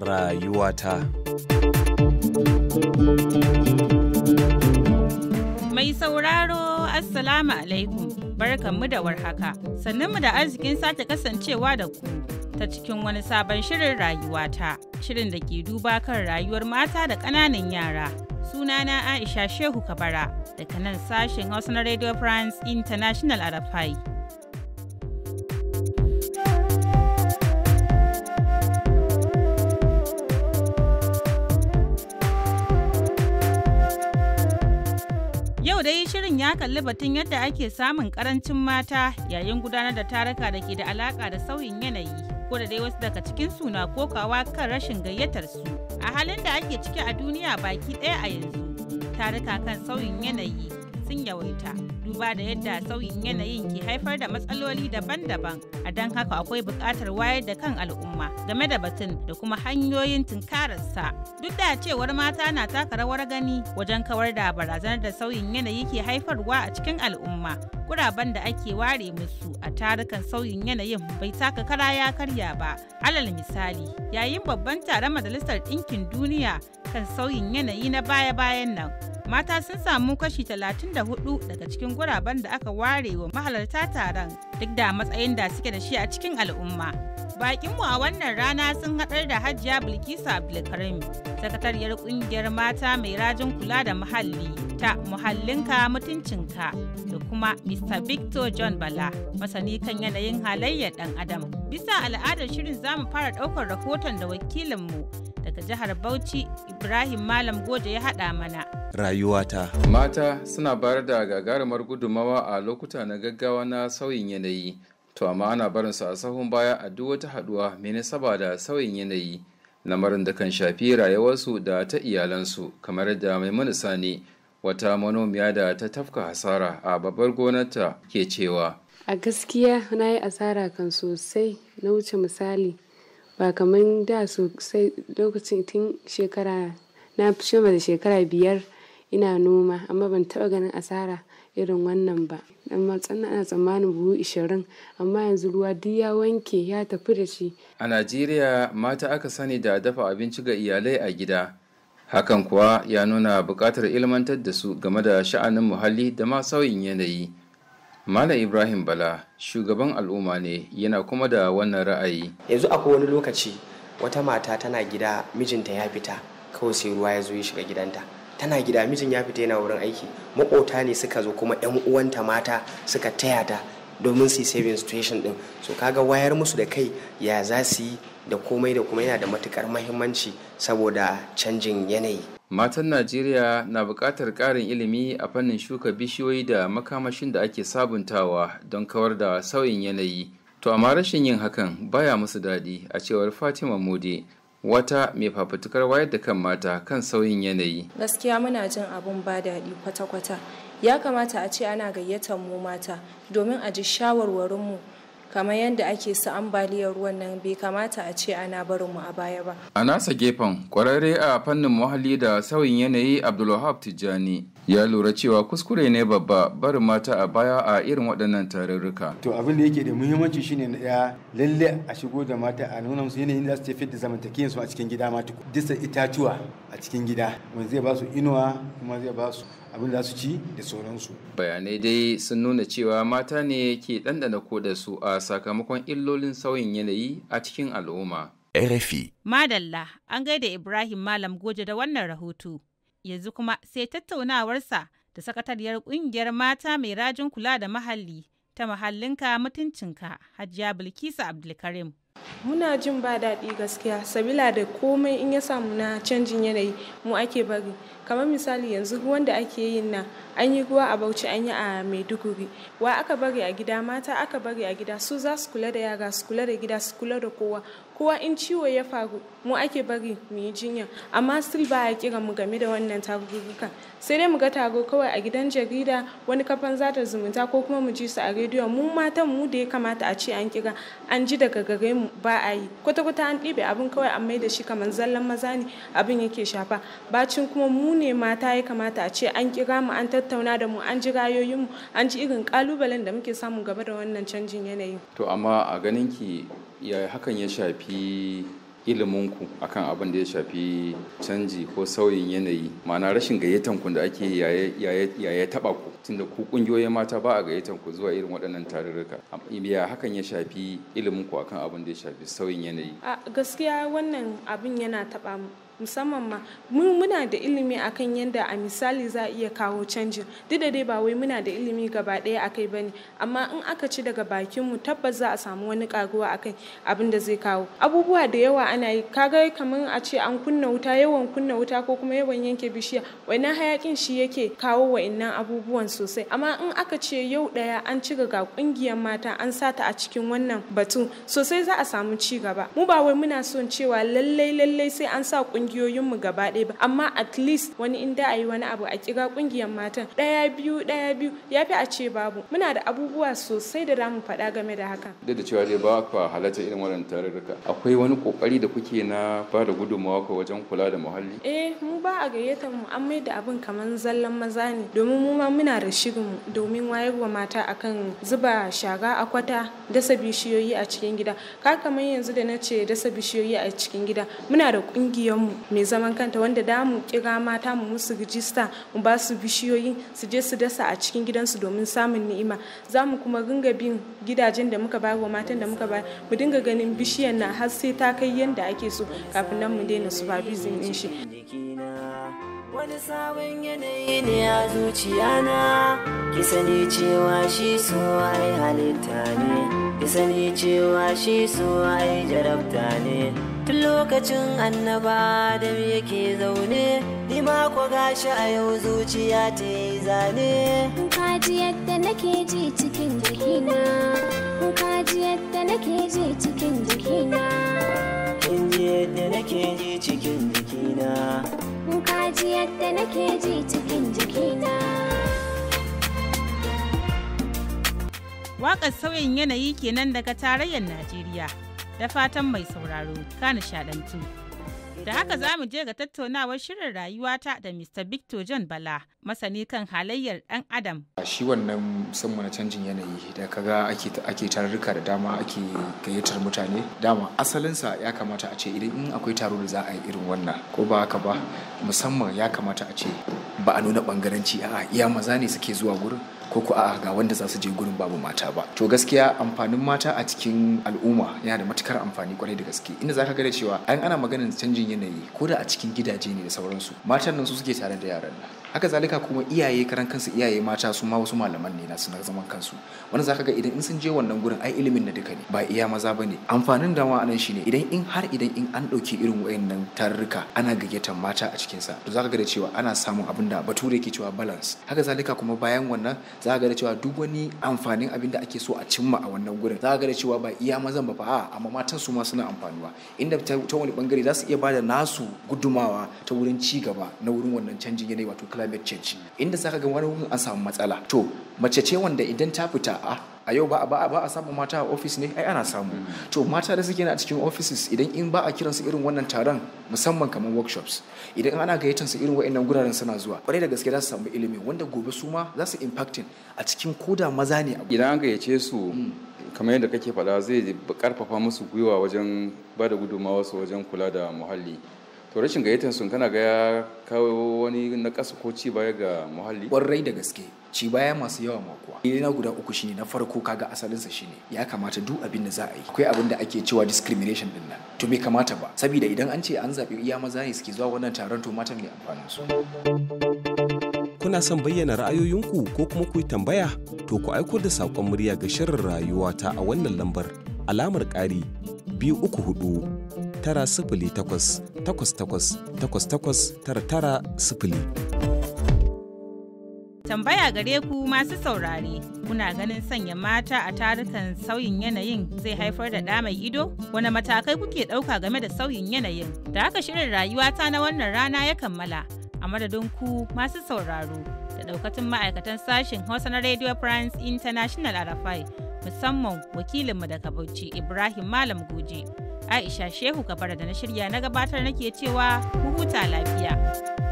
Rayuwata Mai sauraro Assalamu alaikum barkanmu da warhaka sannanmu da arzikin sake kasancewa da ku ta cikin wani sabon shirin rayuwata shirin da ke duba kan rayuwar mata da ƙananan yara sunana Aisha Shehu Kabara daga nan sashen Hausa na Radio France International Arafai. Yau dai shirin ya kalli batun yadda ake samun karancin mata yayin gudanar da taruka da ke da alaka da sauyin yanayi ko da dai wasu daga cikin suna kokawa kan rashin gayyatar su a halin da ake ciki a duniya baki ɗaya a yanzu taruka kan sauyin yanayi sun yawaita duba da yadda sauyin yanayin ke haifar da matsaloli daban-daban a don haka akwai buƙatar wayar da kan al'umma game da batun da kuma hanyoyin tunkararsa duk da cewar mata na taka rawar gani wajen kawar da barazanar da sauyin yanayi ke haifarwa a cikin al'umma guraben da ake ware musu a tarukan sauyin yanayin bai taka kara ya karya ba alal misali yayin babban taron majalisar ɗinkin duniya kan sauyin yanayi na baya-bayan nan mata sun samu kashi 34 daga cikin guraben da aka ware wa mahalarta taron duk da matsayin da suke da shi a cikin al'umma. Bakinmu a wannan rana sun haɗar da Hajiya Bilkisu Abdulkarim, sakatariyar ƙungiyar mata mai rajin kula da muhalli ta Muhallinka Mutuncinka da kuma Mr. Victor John Bala, masani kan yanayin halayyar ɗan Adam. Bisa al'adar shirin za mu fara ɗaukar rahoton da wakilinmu daga jihar Bauchi Ibrahim Malam Goje ya haɗa mana. rayuwata. Mata suna bayar da gagarumar gudummawa a lokuta na gaggawa na sauyin yanayi, to amma ana barin su a sahun baya a duk wata haɗuwa mai nasaba da sauyin yanayi, lamarin da kan shafi rayuwarsu da ta iyalansu kamar da Maimuna Sani wata manomiya da ta tafka hasara a babbar gonarta ke cewa. A gaskiya na yi asara kan sosai na wuce misali ba kamar da sosai lokacin tun shekara na fi da shekara biyar ina noma amma ban taba ganin asara irin wannan ba. Amma ana tsammanin buhu ashirin amma yanzu ruwa duk ya wanke ya tafi da shi. A Najeriya mata aka sani da dafa abinci ga iyalai a gida. Hakan kuwa ya nuna buƙatar ilmantar da su game da sha'anin muhalli da ma sauyin yanayi. Malam Ibrahim Bala shugaban al'umma ne yana kuma da wannan ra'ayi. Yanzu akwai wani lokaci wata mata tana gida mijinta ya fita kawai sai ruwa ya zo ya shiga gidanta. tana gida mijin ya fita yana wurin aiki makota ne suka zo kuma yan uwanta mata suka taya ta domin su saving situation din so kaga wayar musu da kai ya za su yi da komai da kuma yana da matukar mahimmanci saboda canjin yanayi matan najeriya na bukatar karin ilimi a fannin shuka bishiyoyi da makamashin da ake sabuntawa don kawar da sauyin yanayi to amma rashin yin hakan baya musu daɗi a cewar fatima mode wata mai fafutukar wayar da kan mata kan sauyin yanayi gaskiya muna jin abun ba daɗi kwata-kwata ya kamata a ce ana gayyatar mu mata domin a ji shawarwarinmu kamar yadda ake su ambaliyar ruwan nan bai kamata a ce ana barin mu a baya ba. A nasa gefen kwararre a fannin muhalli da sauyin yanayi Abdulwahab Tijjani ya lura cewa kuskure ne babba barin mata a baya a irin waɗannan tarurruka. To abin da yake da muhimmanci shine na ɗaya lalle a shigo da mata a nuna musu yanayin da su tafi da zamantakiyan su a cikin gida mata tuku. Disa itatuwa a cikin gida wanda zai ba su inuwa kuma zai ba su abin da su ci da sauransu. Bayanai dai sun nuna cewa mata ne ke ɗanɗana ko da su a sakamakon illolin sauyin yanayi a cikin al'umma. RFI. Madalla an gaida Ibrahim Malam Goje da wannan rahoto. yanzu kuma sai tattaunawarsa da sakatariyar kungiyar mata mai rajin kula da mahalli ta mahallinka mutuncinka hajiya bilkisa abdulkarim muna jin ba daɗi gaskiya sabila da komai in ya samu na canjin yanayi mu ake bari kamar misali yanzu ruwan da ake yin na an yi ruwa a bauchi an yi a maiduguri wa aka bari a gida mata aka bari a gida su za su kula da yara su kula da gida su kula da kowa kowa in ciwo ya faru mu ake bari mu yi jinya amma still ba a kira mu game da wannan tarurruka sai dai mu ga taro kawai a gidan jarida wani kafan zata zumunta ko kuma mu ji su a rediyo mu matan mu da ya kamata a ce an kira an ji daga gare mu ba a yi kwata kwata an ɗebe abin kawai an mai da shi kamar zallan maza ne abin yake shafa bacin kuma mu ne mata ya kamata a ce an kira mu an tattauna da mu an ji rayoyin mu an ji irin kalubalen da muke samu gaba da wannan canjin yanayi to amma a ganin ki yaya hakan ya shafi iliminku akan abin da ya shafi canji ko sauyin yanayi ma'ana rashin gayyatan ku da ake yaya taba ku tunda ku kungiyoyin mata ba a gayyatan ku zuwa irin waɗannan tarurruka ya hakan ya shafi iliminku akan abin da ya shafi sauyin yanayi a gaskiya wannan abin yana taba mu musamman ma muna da ilimi akan yadda a misali za a iya kawo canjin duk da dai ba wai muna da ilimi gaba ɗaya akai ne amma in aka ci daga bakin mu tabbas za a samu wani karuwa akai abin da zai kawo abubuwa da yawa ana yi kaga kamar a ce an kunna wuta yawan kunna wuta ko kuma yawan yanke bishiya wannan hayakin shi yake kawo wa'annan abubuwan sosai amma in aka ce yau ɗaya an ci ga kungiyar mata an sata a cikin wannan batun sosai za a samu ci gaba mu ba wai muna son cewa lallai lallai sai an sa kungiyar kungiyoyin mu gaba ɗaya ba amma at least wani in da yi wani abu a kira kungiyar matan ɗaya biyu ɗaya biyu ya fi a ce babu muna da abubuwa sosai da zamu faɗa game da haka duk da cewa dai ba ku halatta irin wannan tarurruka akwai wani kokari da kuke na ba da gudunmawa ko wajen kula da muhalli eh mu ba a gayyatar mu an mai da abin kamar zallan maza ne domin mu ma muna da shirin domin wayarwa mata akan zuba shaga a kwata dasa bishiyoyi a cikin gida ka kamar yanzu da na ce dasa bishiyoyi a cikin gida muna da kungiyar mu mai zaman kanta wanda da mu kira mata mu musu rijista mu ba su bishiyoyi su je su dasa a cikin gidansu domin samun ni'ima za mu kuma ringa bin gidajen da muka bayar wa matan da muka bayar mu dinga ganin bishiyan na har sai ta kai yanda ake so kafin nan mu daina su ba bizin din shi wani sabon yanayi ne a zuciya na ki sani cewa shi so ai halitta ne ki sani cewa shi so ai jarabta ne tun lokacin annaba da yake zaune ni ma ko gashi a yau zuciya ta yi zane kaji yadda nake ji cikin jikina kaji yadda nake ji cikin jikina kin ji yadda nake ji cikin jikina kaji yadda nake ji cikin jikina Waƙar sauyin yanayi kenan daga tarayyar Najeriya. da fatan mai sauraro ka nishaɗantu. Da haka za mu je ga tattaunawar shirin rayuwata da Mr. Victor John Bala, masani kan halayyar ɗan Adam. Shi wannan musamman na canjin yanayi da kaga ake tarurruka da dama ake gayyatar mutane. Dama asalinsa ya kamata a ce idan in akwai taro da za a yi irin wannan ko ba haka ba musamman ya kamata a ce ba a nuna bangaranci a iya maza ne suke zuwa gurin ko ku a'a ga wanda za su je gurin babu mata ba to gaskiya amfanin mata a cikin al'umma yana da matukar amfani kwarai da gaske inda zaka ga da cewa an ana maganin canjin yanayi ko da a cikin gidaje ne da sauransu matan nan su suke tare da yaran nan haka zalika kuma iyaye karan kansu iyaye mata su ma wasu malaman ne na suna zaman kansu wani zaka ga idan in sun je wannan gurin ai ilimin na duka ne ba iya maza ba ne amfanin da ma anan shine idan in har idan in an dauki irin wayannan tarurruka ana gayyatar mata a cikin sa to zaka ga da cewa ana samun abin da bature ke cewa balance haka zalika kuma bayan wannan zaka ga da cewa duk wani amfanin abin da ake so a cimma a wannan gurin zaka ga da cewa ba iya mazan ba fa amma matan su ma suna amfanuwa inda ta wani bangare za su iya bada nasu gudumawa ta wurin ci gaba na wurin wannan canjin yanayi wato climate change inda zaka ga wani an samu matsala to mace ce wanda idan ta fita a a yau ba ba a samu mata a ofis ne ai ana samu to mata da suke na cikin offices idan in ba a kiransu irin wannan taron musamman kamar workshops idan ana gayyatar su irin wa'annan guraren suna zuwa kwarai da gaske za su samu ilimi wanda gobe su ma za su impacting a cikin koda maza ne idan an gayyace su mm. kamar yadda kake faɗa zai karfafa musu gwiwa wajen bada da su wajen kula da muhalli to rashin gayyatar sun kana ga ya kawo wani na kasa ko ci baya ga muhalli kwarai da gaske ci baya masu yawa ma kuwa na guda uku shine na farko kaga asalinsa shine ya kamata duk abin da za a yi akwai abin da ake cewa discrimination din nan to bai kamata ba saboda idan an ce an zaɓi iya maza ne suke zuwa wannan taron to matan ne amfanin su kuna son bayyana ra'ayoyinku ko kuma ku yi tambaya to ku aiko da saƙon murya ga shirin rayuwata a wannan lambar alamar ƙari biyu uku hudu tara sifili takwas takwas takwas takwas takwas tara sifili. Tambaya gare ku masu saurare, kuna ganin sanya mata a tarukan sauyin yanayin zai haifar da ɗa mai ido? Wane matakai kuke ɗauka game da sauyin yanayin? Da haka shirin rayuwata na wannan rana ya kammala, a madadin ku masu sauraro da ɗaukacin ma'aikatan sashen Hausa na Radio France International Arafai, musamman wakilinmu daga Bauchi Ibrahim Malam Goje. Aisha Shehu Kabara da na shirya na gabatar nake cewa ku huta lafiya.